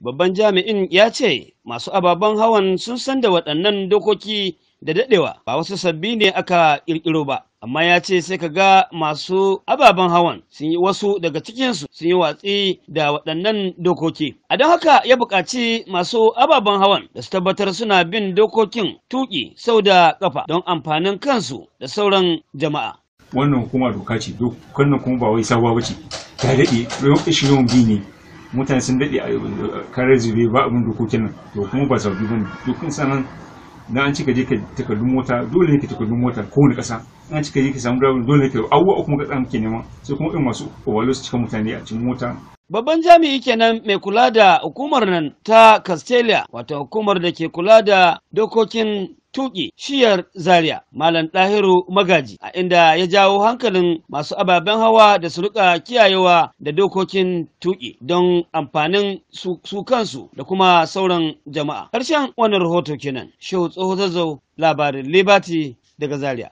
Babban jami'in ya ce masu ababen hawan sun san da waɗannan dokoki da daɗewa ba wasu sabbi ne aka ƙirƙiro ba. Amma ya ce sai ka ga masu ababen hawan sun yi wasu daga cikinsu sun yi watsi da waɗannan dokoki. A don haka ya buƙaci masu ababen hawan da su tabbatar suna bin dokokin tuƙi sau da ƙafa don amfanin kansu da sauran jama'a. Wannan kuma doka ce, kuma ba wai sabuwa ba ce, ta daɗe, bi ne. mutane sun daɗe a karar zube ba abin dokokin nan to kuma ba sauki ba ne dokokin sanan na an cika je ka takardun mota dole ne ka takardun mota kowane ƙasa an cika je ka samu driver dole ne ka abubuwa kuma ka muke nema sai kuma irin masu ovalo su cika mutane a cikin mota Babban jami'i kenan mai kula da hukumar nan ta Castelia, wato hukumar da ke kula da dokokin tuƙi shiyar Zaria Malam Ɗahiru Magaji a inda ya jawo hankalin masu ababen hawa da su rika kiyayewa da dokokin tuƙi don amfanin su kansu da kuma sauran jama'a. Ƙarshen wannan rahoto kenan. Shehu Tsoho Zazzau labarin Liberty daga Zaria.